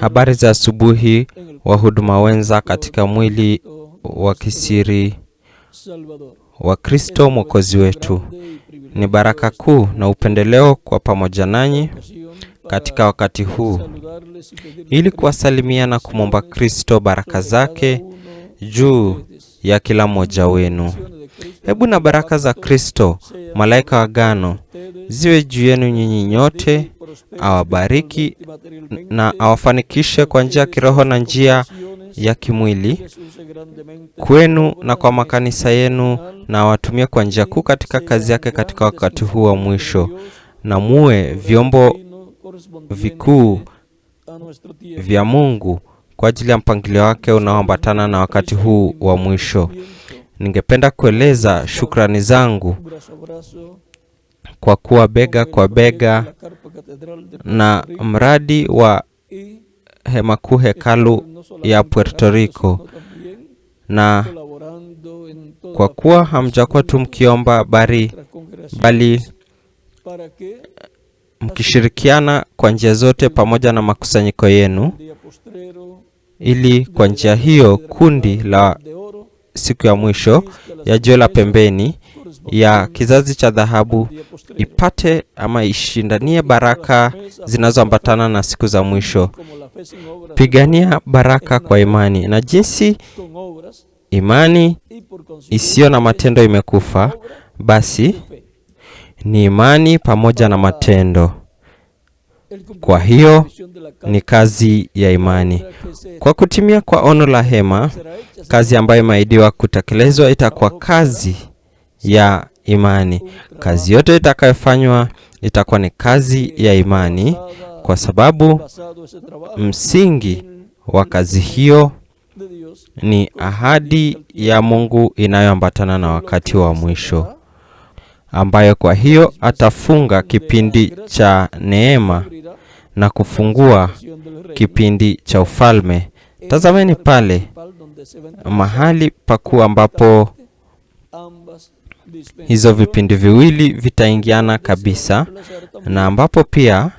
Habari za asubuhi, wahuduma wenza katika mwili wa kisiri wa Kristo Mwokozi wetu. Ni baraka kuu na upendeleo kwa pamoja nanyi katika wakati huu ili kuwasalimia na kumwomba Kristo baraka zake juu ya kila mmoja wenu. Hebu na baraka za Kristo, malaika wa agano, ziwe juu yenu nyinyi nyote, awabariki na awafanikishe kwa njia ya kiroho na njia ya kimwili kwenu na kwa makanisa yenu, na awatumie kwa njia kuu katika kazi yake katika wakati huu wa mwisho, na muwe vyombo vikuu vya Mungu kwa ajili ya mpangilio wake unaoambatana na wakati huu wa mwisho. Ningependa kueleza shukrani zangu kwa kuwa bega kwa bega na mradi wa hema kuu hekalu ya Puerto Rico, na kwa kuwa hamjakuwa tu mkiomba bari, bali mkishirikiana kwa njia zote pamoja na makusanyiko yenu, ili kwa njia hiyo kundi la siku ya mwisho ya jela pembeni ya kizazi cha dhahabu ipate ama ishindanie baraka zinazoambatana na siku za mwisho. Pigania baraka kwa imani, na jinsi imani isiyo na matendo imekufa, basi ni imani pamoja na matendo. Kwa hiyo ni kazi ya imani. Kwa kutimia kwa ono la hema, kazi ambayo imeahidiwa kutekelezwa itakuwa kazi ya imani. Kazi yote itakayofanywa itakuwa ni kazi ya imani, kwa sababu msingi wa kazi hiyo ni ahadi ya Mungu inayoambatana na wakati wa mwisho ambayo kwa hiyo atafunga kipindi cha neema na kufungua kipindi cha ufalme. Tazameni pale mahali pakuu ambapo hizo vipindi viwili vitaingiana kabisa na ambapo pia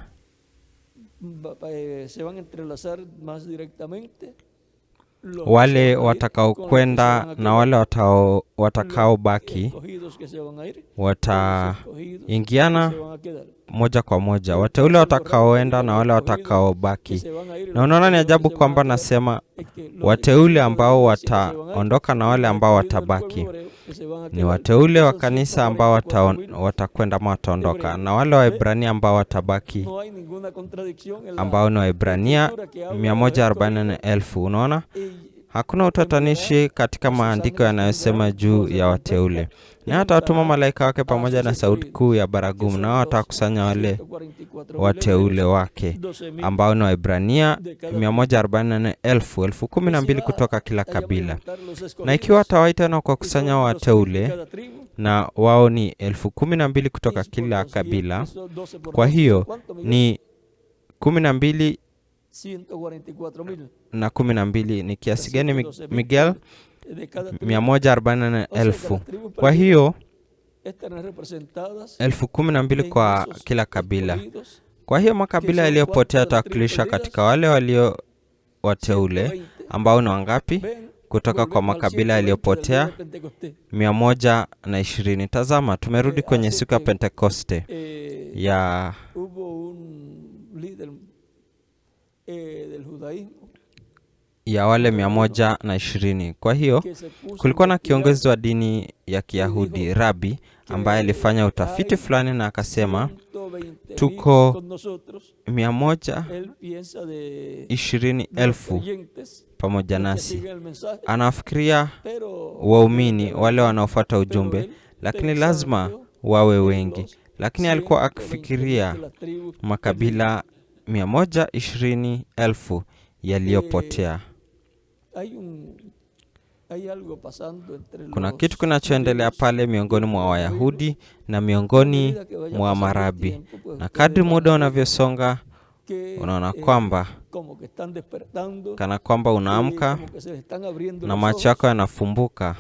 wale watakaokwenda na wale watakaobaki wataingiana moja kwa moja, wateule watakaoenda na wale watakaobaki. Na unaona ni ajabu kwamba nasema wateule ambao wataondoka na wale ambao watabaki ni wateule wa kanisa ambao watakwenda ama wataondoka, na wale Waebrania ambao watabaki, ambao ni Waebrania 144,000. Unaona Hakuna utatanishi katika maandiko yanayosema juu ya wateule, na atawatuma malaika wake pamoja na sauti kuu ya baragumu, nao watawakusanya wale wateule wake ambao ni Waebrania 144,000 kumi na mbili kutoka kila kabila, na ikiwa atawaita na kuwakusanya wateule, na wao ni elfu kumi na mbili kutoka kila kabila, kwa hiyo ni kumi na mbili na kumi na mbili ni kiasi gani, Miguel? mia moja arobaini na nne elfu. Kwa hiyo elfu kumi na mbili kwa kila kabila. Kwa hiyo makabila yaliyopotea yatawakilisha katika wale walio wateule ambao ni wangapi? Kutoka kwa makabila yaliyopotea mia moja na ishirini. Tazama, tumerudi eh, kwenye siku ya Pentekoste eh, ya eh, ya wale 120 na ishirini. Kwa hiyo kulikuwa na kiongozi wa dini ya Kiyahudi rabi, ambaye alifanya utafiti fulani na akasema tuko mia ishirini elfu pamoja nasi. Anawafikiria waumini wale wanaofuata ujumbe, lakini lazima wawe wengi. Lakini alikuwa akifikiria makabila mia ishirini elfu yaliyopotea kuna kitu kinachoendelea pale miongoni mwa Wayahudi na miongoni mwa marabi, na kadri muda unavyosonga eh, unaona kwamba kana kwamba unaamka na macho yako yanafumbuka,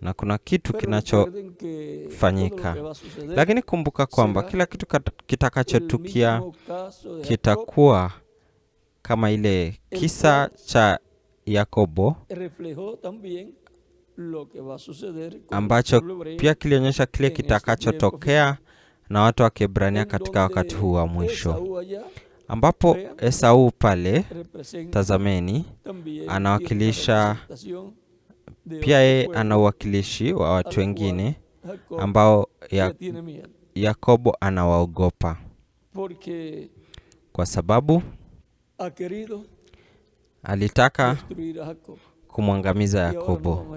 na kuna kitu kinachofanyika. Lakini kumbuka kwamba kila kitu kitakachotukia kitakuwa kama ile kisa cha Yakobo ambacho pia kilionyesha kile kitakachotokea na watu wa Kiebrania katika wakati huu wa mwisho, ambapo Esau pale, tazameni, anawakilisha pia yeye ana uwakilishi wa watu wengine ambao ya, Yakobo anawaogopa kwa sababu Alitaka kumwangamiza Yakobo.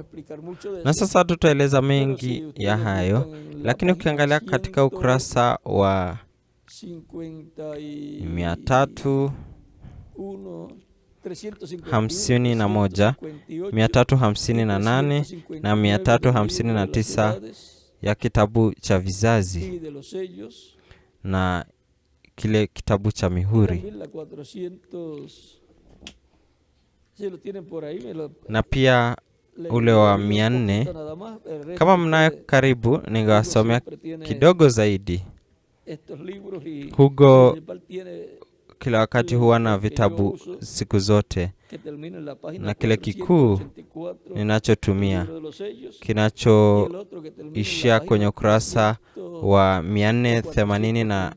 Na sasa tutaeleza mengi ya hayo, lakini ukiangalia katika ukurasa wa mia tatu hamsini na moja mia tatu hamsini na nane na mia tatu hamsini na tisa ya kitabu cha vizazi na kile kitabu cha mihuri na pia ule wa mia nne. Kama mnayo karibu, ningawasomea kidogo zaidi. Hugo kila wakati huwa na vitabu siku zote, na kile kikuu ninachotumia kinachoishia kwenye ukurasa wa 483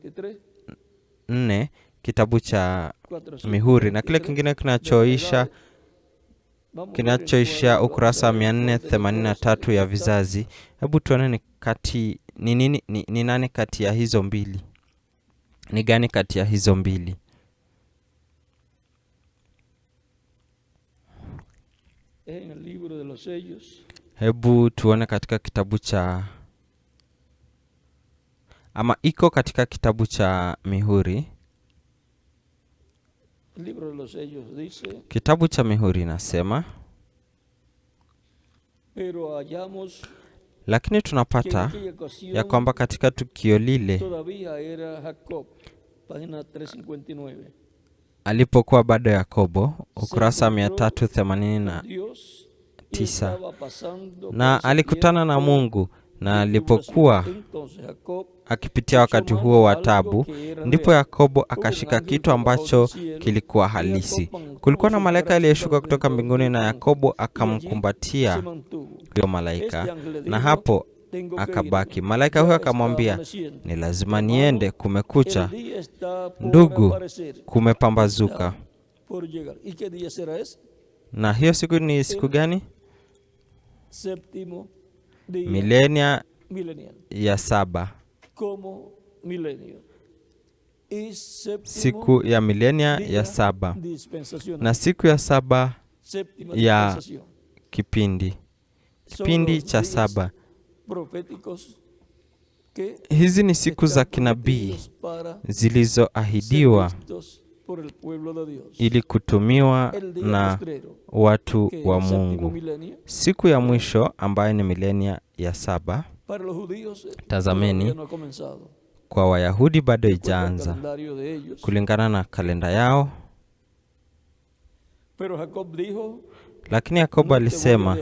nne kitabu cha mihuri na kile kingine kinachoisha kinachoisha ukurasa 483 ya vizazi. Hebu tuone ni kati ni nini ni, ni nani kati ya hizo mbili, ni gani kati ya hizo mbili? Hebu tuone katika kitabu cha ama iko katika kitabu cha mihuri. Kitabu cha mihuri inasema lakini tunapata ya kwamba katika tukio lile alipokuwa bado Yakobo, ukurasa 389, na alikutana na Mungu na alipokuwa akipitia wakati huo wa tabu, ndipo Yakobo akashika kitu ambacho kilikuwa halisi. Kulikuwa na malaika aliyeshuka kutoka mbinguni, na Yakobo akamkumbatia huyo malaika, na hapo akabaki. Malaika huyo akamwambia, ni lazima niende, kumekucha ndugu, kumepambazuka. Na hiyo siku ni siku gani? milenia ya saba. Siku ya milenia ya saba na siku ya saba ya kipindi kipindi cha saba. Hizi ni siku za kinabii zilizoahidiwa ili kutumiwa na watu wa Mungu. Siku ya mwisho ambayo ni milenia ya saba, eh, tazameni kwa Wayahudi bado ijaanza kulingana na kalenda yao. Lakini Yakobo alisema,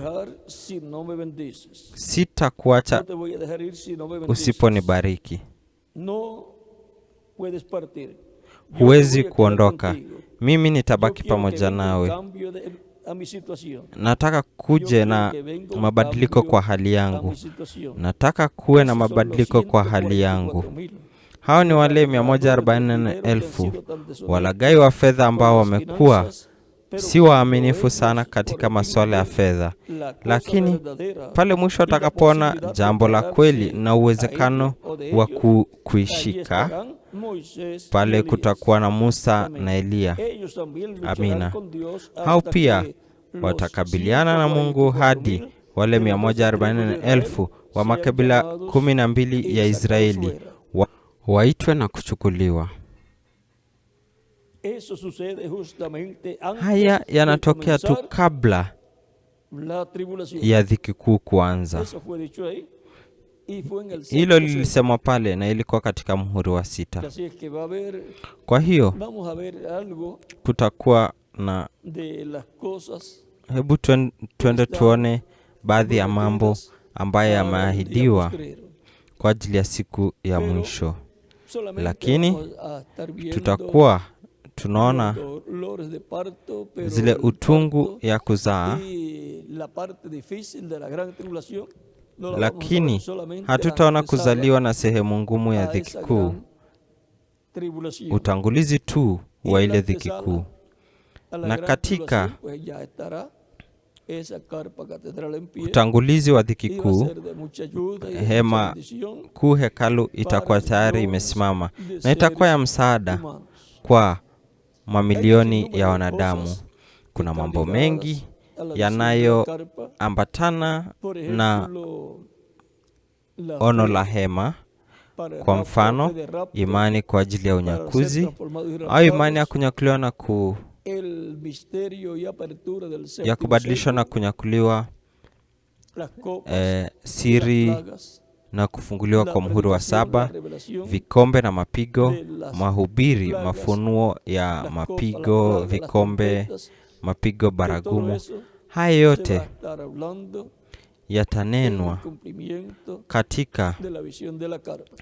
sitakuacha usiponibariki huwezi kuondoka, mimi nitabaki pamoja nawe. Nataka kuje na mabadiliko kwa hali yangu, nataka kuwe na mabadiliko kwa hali yangu. Hao ni wale 144,000 walagai wa fedha ambao wamekuwa si waaminifu sana katika masuala ya fedha, lakini pale mwisho atakapoona jambo la kweli na uwezekano wa kuishika pale kutakuwa na Musa na Eliya. Amina. Hao pia watakabiliana na Mungu hadi wale 144,000 wa makabila 12 ya Israeli wa, waitwe na kuchukuliwa. Haya yanatokea tu kabla ya dhiki kuu kuanza. Hilo lilisemwa pale na ilikuwa katika muhuri wa sita. Kwa hiyo kutakuwa na, hebu tuende tuone baadhi ya mambo ambayo yameahidiwa kwa ajili ya siku ya mwisho, lakini tutakuwa tunaona zile utungu ya kuzaa lakini hatutaona kuzaliwa na sehemu ngumu ya dhiki kuu, utangulizi tu wa ile dhiki kuu. Na katika utangulizi wa dhiki kuu, hema kuu hekalu itakuwa tayari imesimama na itakuwa ya msaada kwa mamilioni ya wanadamu. Kuna mambo mengi yanayoambatana na ono la hema, kwa mfano imani kwa ajili ya unyakuzi au imani ya kunyakuliwa na ku ya kubadilishwa na kunyakuliwa, eh, siri na kufunguliwa kwa muhuri wa saba, vikombe na mapigo, mahubiri, mafunuo ya mapigo, vikombe mapigo, baragumu, haya yote yatanenwa katika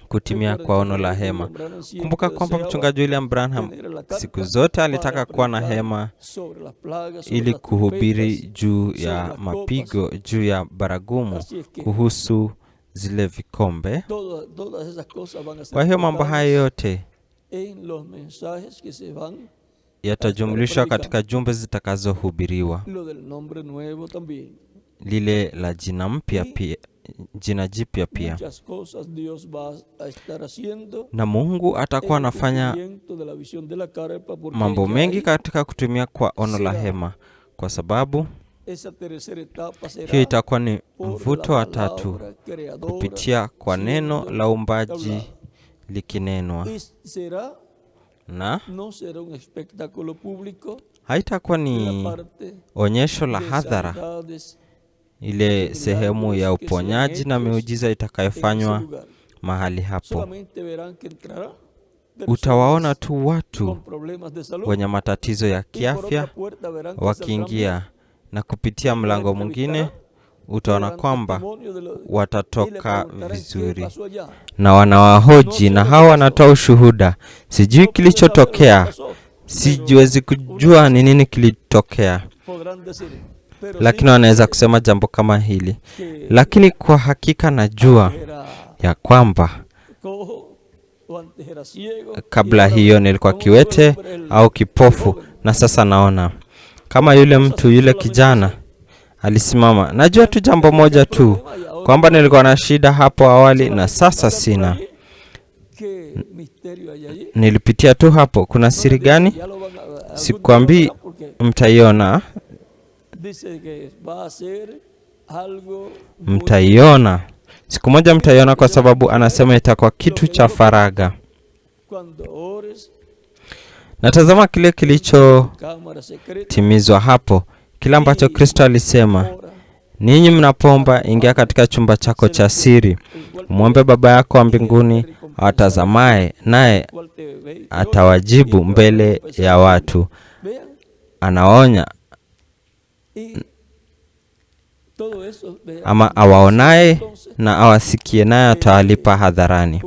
kutimia kwa ono la hema. Kumbuka kwamba mchungaji William Branham siku zote alitaka kuwa na hema ili kuhubiri juu ya mapigo, juu ya baragumu, kuhusu zile vikombe. Kwa hiyo mambo haya yote yatajumlishwa katika jumbe zitakazohubiriwa. Lile la jina mpya pia jina jipya pia, na Mungu atakuwa anafanya mambo mengi katika kutumia kwa ono la hema, kwa sababu hiyo itakuwa ni mvuto wa tatu kupitia kwa neno la umbaji likinenwa na haitakuwa ni onyesho la hadhara. Ile sehemu ya uponyaji na miujiza itakayofanywa mahali hapo, utawaona tu watu wenye matatizo ya kiafya wakiingia, na kupitia mlango mwingine utaona kwamba watatoka vizuri. Na wanawahoji na hawa wanatoa ushuhuda, sijui kilichotokea, siwezi kujua ni nini kilitokea, lakini wanaweza kusema jambo kama hili, lakini kwa hakika najua ya kwamba kabla hiyo nilikuwa kiwete au kipofu, na sasa naona kama yule mtu yule kijana Alisimama. Najua tu jambo moja tu, kwamba nilikuwa na shida hapo awali na sasa sina. Nilipitia tu hapo. Kuna siri gani? Sikwambii, mtaiona, mtaiona siku moja, mtaiona, kwa sababu anasema itakuwa kitu cha faraga. Natazama kile kilichotimizwa hapo kila ambacho Kristo alisema, ninyi mnapomba, ingia katika chumba chako cha siri, umwombe Baba yako wa mbinguni awatazamaye, naye atawajibu mbele ya watu. Anaonya ama awaonaye na awasikie, naye atawalipa hadharani.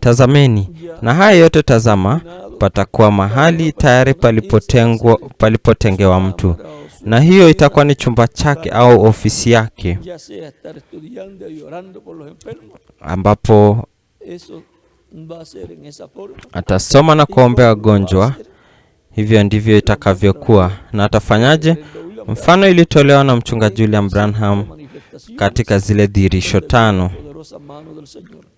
Tazameni na haya yote tazama, patakuwa mahali tayari palipotengwa, palipotengewa mtu na hiyo itakuwa ni chumba chake au ofisi yake ambapo atasoma na kuombea wagonjwa. Hivyo ndivyo itakavyokuwa. Na atafanyaje? Mfano ilitolewa na mchungaji William Branham katika zile dhihirisho tano,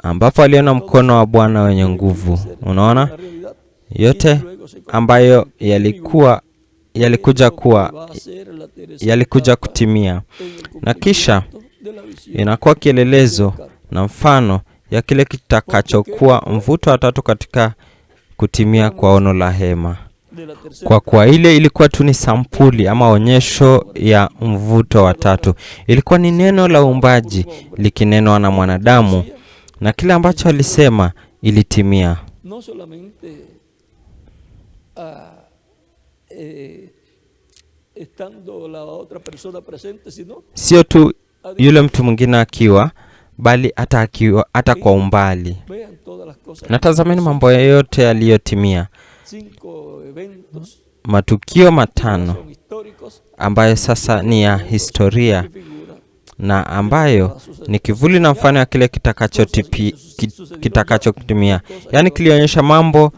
ambapo aliona mkono wa Bwana wenye nguvu. Unaona yote ambayo yalikuwa yalikuja kuwa yalikuja kutimia, na kisha inakuwa kielelezo na mfano ya kile kitakachokuwa mvuto wa tatu katika kutimia kwa ono la hema. Kwa kuwa ile ilikuwa tu ni sampuli ama onyesho ya mvuto wa tatu, ilikuwa ni neno la uumbaji likinenwa na mwanadamu, na kile ambacho alisema ilitimia eh, estando la otra persona presente, sino sio tu yule mtu mwingine akiwa bali hata akiwa hata kwa umbali. Natazameni mambo yote yaliyotimia, matukio matano ambayo sasa ni ya historia na ambayo ni kivuli na mfano ya kile kitakachotimia, kitakacho yaani kilionyesha mambo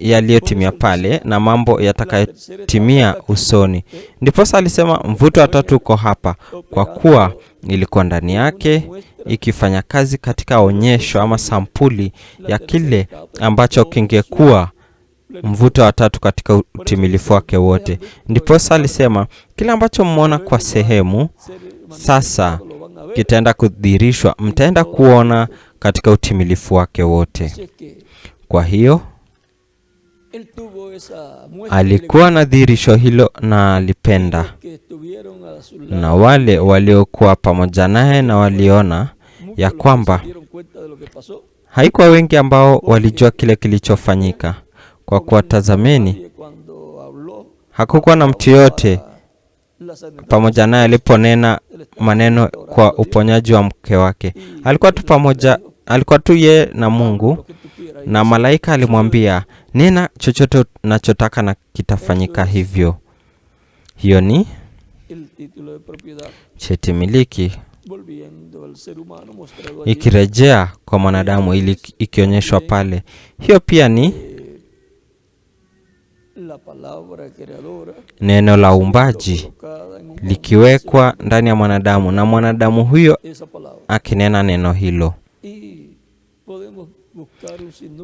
yaliyotimia pale na mambo yatakayotimia usoni. Ndiposa alisema mvuto watatu uko hapa, kwa kuwa ilikuwa ndani yake ikifanya kazi katika onyesho ama sampuli ya kile ambacho kingekuwa mvuto wa tatu katika utimilifu wake wote. Ndiposa alisema kile ambacho mmeona kwa sehemu sasa kitaenda kudhihirishwa, mtaenda kuona katika utimilifu wake wote. Kwa hiyo Alikuwa na dhihirisho hilo na alipenda, na wale waliokuwa pamoja naye na waliona ya kwamba haikuwa wengi ambao walijua kile kilichofanyika. Kwa kuwatazameni, hakukuwa na mtu yoyote pamoja naye aliponena maneno kwa uponyaji wa mke wake. Alikuwa tu pamoja alikuwa tu ye na Mungu, na malaika alimwambia, nena chochote nachotaka na kitafanyika hivyo. Hiyo ni cheti miliki ikirejea kwa mwanadamu ili ikionyeshwa pale. Hiyo pia ni neno la uumbaji likiwekwa ndani ya mwanadamu na mwanadamu huyo akinena neno hilo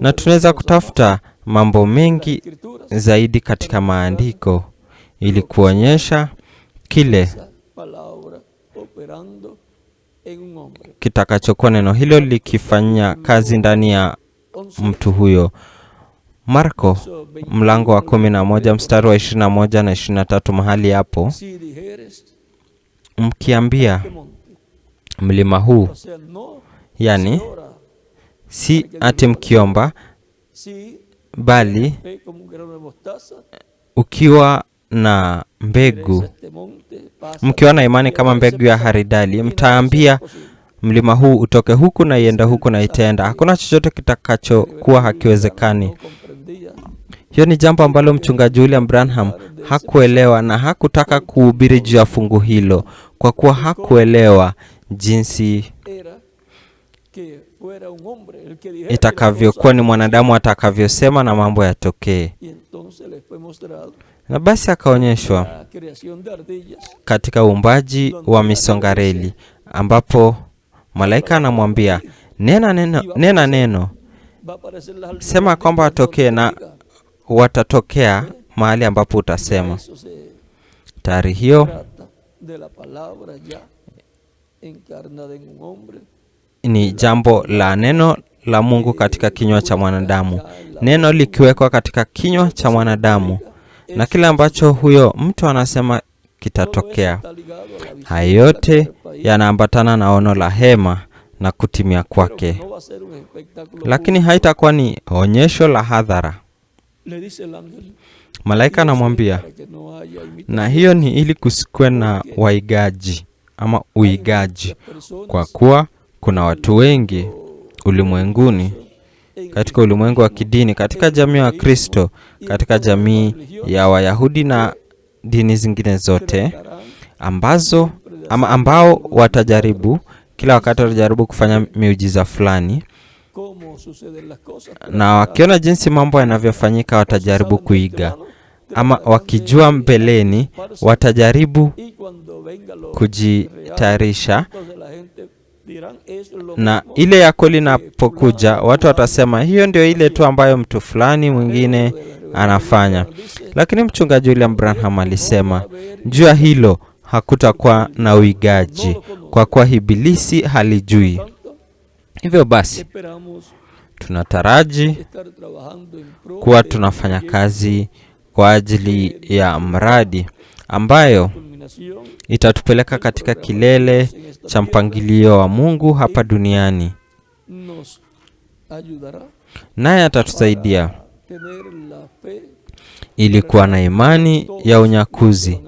na tunaweza kutafuta mambo mengi zaidi katika maandiko ili kuonyesha kile kitakachokuwa neno hilo likifanya kazi ndani ya mtu huyo. Marko mlango wa 11 mstari wa 21 na 23, mahali hapo, mkiambia mlima huu, yani si ati mkiomba, bali ukiwa na mbegu, mkiwa na imani kama mbegu ya haridali, mtaambia mlima huu utoke huku na ienda huku na itaenda. Hakuna chochote kitakachokuwa hakiwezekani. Hiyo ni jambo ambalo mchungaji William Branham hakuelewa na hakutaka kuhubiri juu ya fungu hilo, kwa kuwa hakuelewa jinsi itakavyokuwa ni mwanadamu atakavyosema na mambo yatokee. Na basi akaonyeshwa katika uumbaji wa misongareli, ambapo malaika anamwambia nena neno, nena neno, sema kwamba watokee, na watatokea ¿Eh? mahali ambapo utasema. Tayari hiyo ni jambo la neno la Mungu katika kinywa cha mwanadamu, neno likiwekwa katika kinywa cha mwanadamu, na kile ambacho huyo mtu anasema kitatokea. Haya yote yanaambatana na ono la hema na kutimia kwake, lakini haitakuwa ni onyesho la hadhara. Malaika anamwambia, na hiyo ni ili kusikwe na waigaji ama uigaji, kwa kuwa kuna watu wengi ulimwenguni, katika ulimwengu wa kidini, katika jamii ya kristo katika jamii ya Wayahudi na dini zingine zote ambazo ama ambao watajaribu kila wakati watajaribu kufanya miujiza fulani, na wakiona jinsi mambo yanavyofanyika watajaribu kuiga, ama wakijua mbeleni watajaribu kujitayarisha na ile yako linapokuja, watu watasema hiyo ndio ile tu ambayo mtu fulani mwingine anafanya. Lakini mchungaji William Branham alisema juu hilo hakutakuwa na uigaji, kwa kuwa hibilisi halijui. Hivyo basi tunataraji kuwa tunafanya kazi kwa ajili ya mradi ambayo itatupeleka katika kilele cha mpangilio wa Mungu hapa duniani, naye atatusaidia ili kuwa na imani ya unyakuzi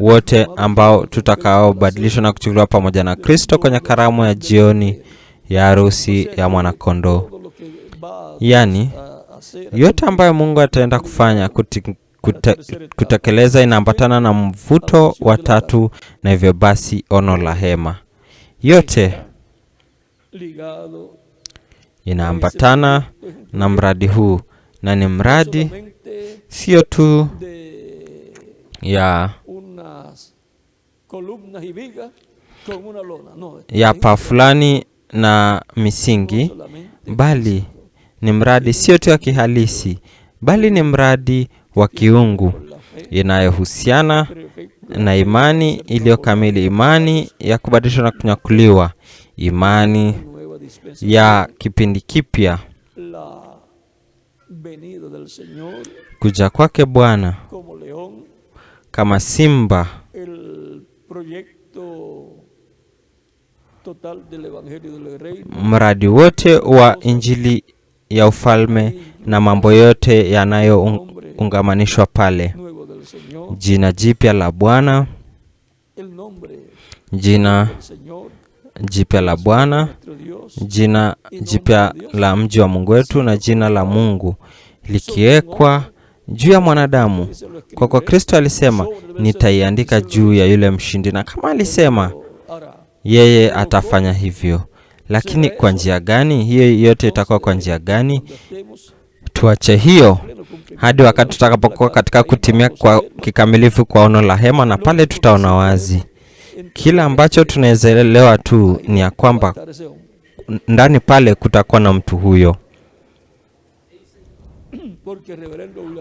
wote ambao tutakaobadilishwa na kuchukuliwa pamoja na Kristo kwenye karamu ya jioni ya harusi ya Mwanakondoo. Yaani yote ambayo Mungu ataenda kufanya kuta, kutekeleza inaambatana na mvuto wa tatu na hivyo basi ono la hema yote inaambatana na mradi huu na ni mradi sio tu ya ya paa fulani na misingi, bali ni mradi sio tu ya kihalisi, bali ni mradi wa kiungu inayohusiana na imani iliyokamili, imani ya kubadilishwa na kunyakuliwa, imani ya kipindi kipya, kuja kwake Bwana kama simba, mradi wote wa Injili ya ufalme na mambo yote yanayo ungamanishwa pale, jina jipya la Bwana, jina jipya la Bwana, jina jipya la mji wa Mungu wetu na jina la Mungu likiwekwa juu ya mwanadamu. Kwa kuwa Kristo alisema nitaiandika juu ya yule mshindi, na kama alisema yeye atafanya hivyo. Lakini kwa njia gani hiyo? Yote itakuwa kwa njia gani? Tuache hiyo hadi wakati tutakapokuwa katika kutimia kwa kikamilifu kwa ono la hema, na pale tutaona wazi. Kila ambacho tunaelewa tu ni ya kwamba ndani pale kutakuwa na mtu huyo.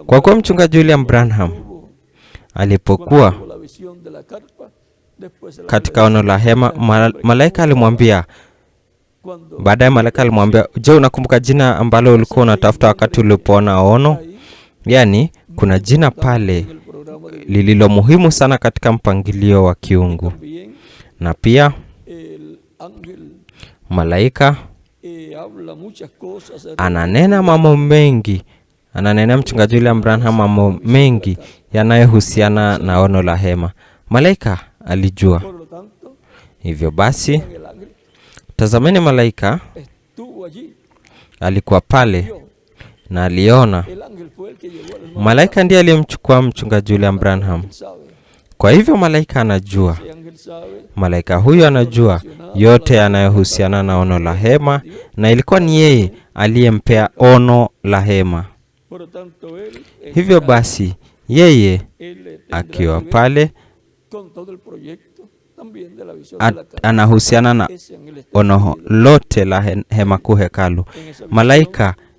Kwa kuwa mchungaji William Branham alipokuwa katika ono la hema, malaika alimwambia baadaye malaika alimwambia, je, unakumbuka jina ambalo ulikuwa unatafuta wakati ulipoona ono? Yaani kuna jina pale lililo muhimu sana katika mpangilio wa kiungu, na pia malaika ananena mambo mengi, ananena mchungaji William Branham mambo mengi yanayohusiana na ono la hema. Malaika alijua hivyo. Basi tazameni, malaika alikuwa pale na aliona Malaika ndiye aliyemchukua mchungaji William Branham. Kwa hivyo malaika anajua, malaika huyo anajua yote yanayohusiana na ono la hema, na ilikuwa ni yeye aliyempea ono la hema. Hivyo basi, yeye akiwa pale anahusiana na ono lote la hema kuu, hekalu. Malaika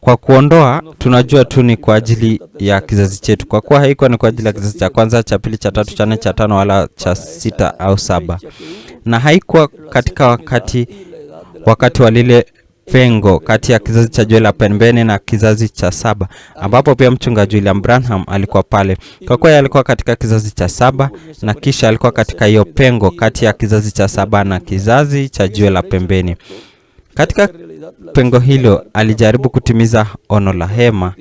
Kwa kuondoa tunajua tu ni kwa ajili ya kizazi chetu, kwa kuwa haikuwa ni kwa ajili ya kizazi cha kwanza, cha pili, cha tatu, cha nne, cha tano, wala cha sita au saba, na haikuwa katika wakati wakati wa lile pengo kati ya kizazi cha juu la pembeni na kizazi cha saba, ambapo pia mchungaji William Branham alikuwa pale, kwa kuwa alikuwa katika kizazi cha saba na kisha alikuwa katika hiyo pengo kati ya kizazi cha saba na kizazi cha juu la pembeni. Katika pengo hilo alijaribu kutimiza ono la hema,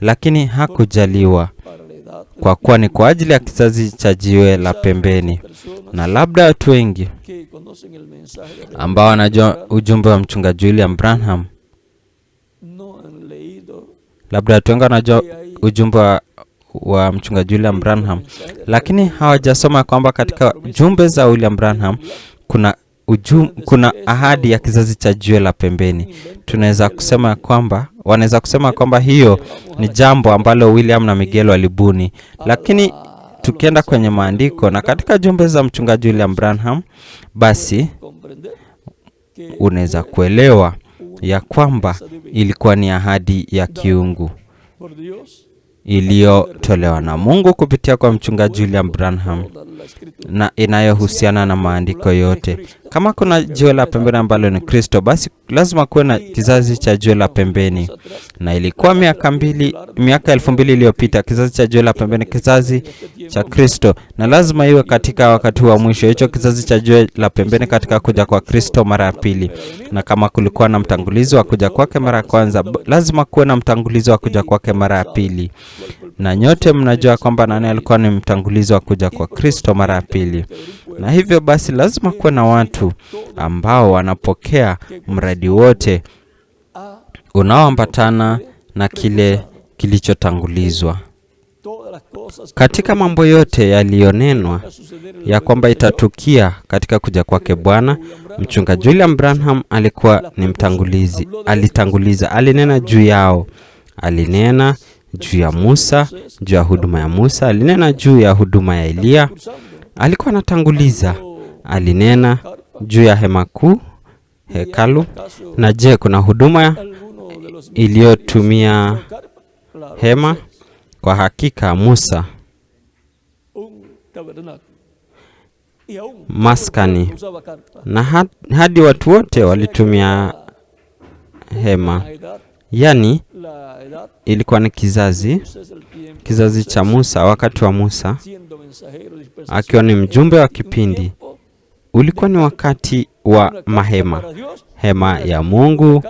lakini hakujaliwa kwa kuwa ni kwa ajili ya kizazi cha jiwe la pembeni. Na labda watu wengi ambao wanajua ujumbe wa mchungaji William Branham, labda watu wengi wanajua ujumbe wa wa mchungaji William Branham, lakini hawajasoma kwamba katika jumbe za William Branham kuna ujum, kuna ahadi ya kizazi cha jiwe la pembeni. Mm, Tunaweza kusema kwamba wanaweza kusema kwamba hiyo ni jambo ambalo William na Miguel walibuni, lakini tukienda kwenye maandiko na katika jumbe za mchungaji William Branham, basi unaweza kuelewa ya kwamba ilikuwa ni ahadi ya kiungu iliyotolewa na Mungu kupitia kwa mchungaji William Branham na inayohusiana na maandiko yote. Kama kuna jiwe la pembeni ambalo ni Kristo, basi lazima kuwe na kizazi cha jiwe la pembeni. Na ilikuwa miaka mbili, miaka elfu mbili iliyopita, kizazi cha jiwe la pembeni, kizazi cha Kristo, na lazima iwe katika wakati wa mwisho, hicho kizazi cha jiwe la pembeni katika kuja kwa Kristo mara ya pili. Na kama kulikuwa na mtangulizi wa kuja kwake mara ya kwanza, lazima kuwe na mtangulizi wa kuja kwake mara ya pili. Na nyote mnajua kwamba nani alikuwa ni mtangulizi wa kuja kwa Kristo. Kristo mara ya pili. Na hivyo basi lazima kuwe na watu ambao wanapokea mradi wote unaoambatana na kile kilichotangulizwa. Katika mambo yote yaliyonenwa ya kwamba itatukia katika kuja kwake Bwana, mchunga Julian Branham alikuwa ni mtangulizi, alitanguliza, alinena juu yao, alinena juu ya Musa, juu ya huduma ya Musa, alinena juu ya huduma ya Eliya, alikuwa anatanguliza, alinena juu ya hema kuu, hekalu. Na je, kuna huduma iliyotumia hema? Kwa hakika Musa maskani na hadi watu wote walitumia hema Yani ilikuwa ni kizazi kizazi cha Musa, wakati wa Musa akiwa ni mjumbe wa kipindi. Ulikuwa ni wakati wa mahema, hema ya Mungu,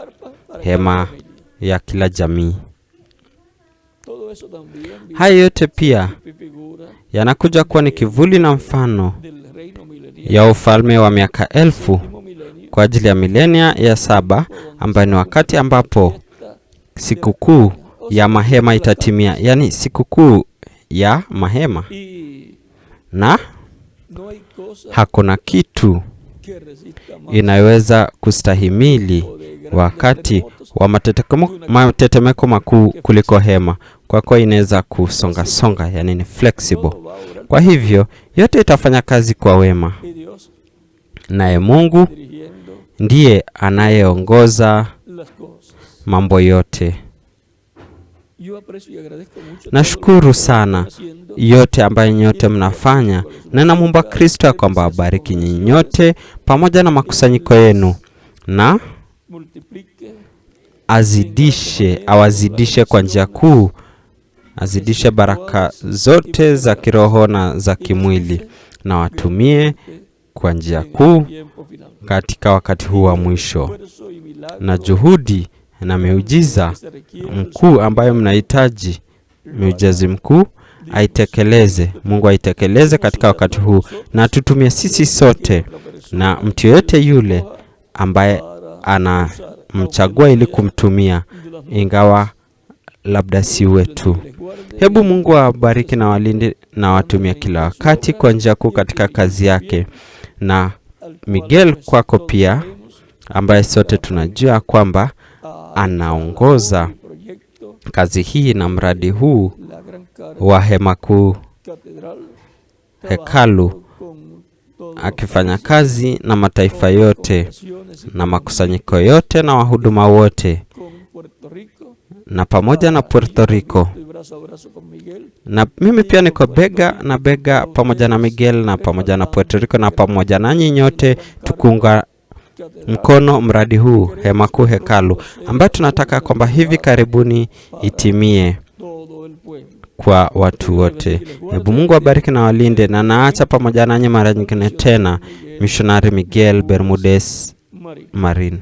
hema ya kila jamii. Haya yote pia yanakuja kuwa ni kivuli na mfano ya ufalme wa miaka elfu kwa ajili ya milenia ya saba ambayo ni wakati ambapo sikukuu ya mahema itatimia, yaani sikukuu ya mahema, na hakuna kitu inaweza kustahimili wakati wa matetemeko makuu kuliko hema, kwa kuwa inaweza kusongasonga, yani ni flexible. Kwa hivyo yote itafanya kazi kwa wema, naye Mungu ndiye anayeongoza mambo yote. Nashukuru sana yote ambayo nyote mnafanya, na namwomba Kristo ya kwamba abariki nyinyi nyote pamoja na makusanyiko yenu, na azidishe, awazidishe kwa njia kuu, azidishe baraka zote za kiroho na za kimwili, na watumie kwa njia kuu katika wakati huu wa mwisho na juhudi na miujiza mkuu ambayo mnahitaji miujiza mkuu aitekeleze. Mungu aitekeleze katika wakati huu na tutumie sisi sote, na mtu yoyote yule ambaye anamchagua ili kumtumia, ingawa labda si wetu. Hebu Mungu awabariki na walinde na watumie kila wakati kwa njia kuu katika kazi yake. Na Miguel, kwako pia, ambaye sote tunajua kwamba anaongoza kazi hii na mradi huu wa hema kuu hekalu, akifanya kazi na mataifa yote na makusanyiko yote na wahuduma wote, na pamoja na Puerto Rico. Na mimi pia niko bega na bega pamoja na Miguel na pamoja na Puerto Rico na pamoja na nyinyi nyote tukunga mkono mradi huu Hema Kuu Hekalu, ambayo tunataka kwamba hivi karibuni itimie kwa watu wote. Hebu Mungu abariki na walinde, na naacha pamoja nanyi mara nyingine tena, mishonari Miguel bermudes Marin.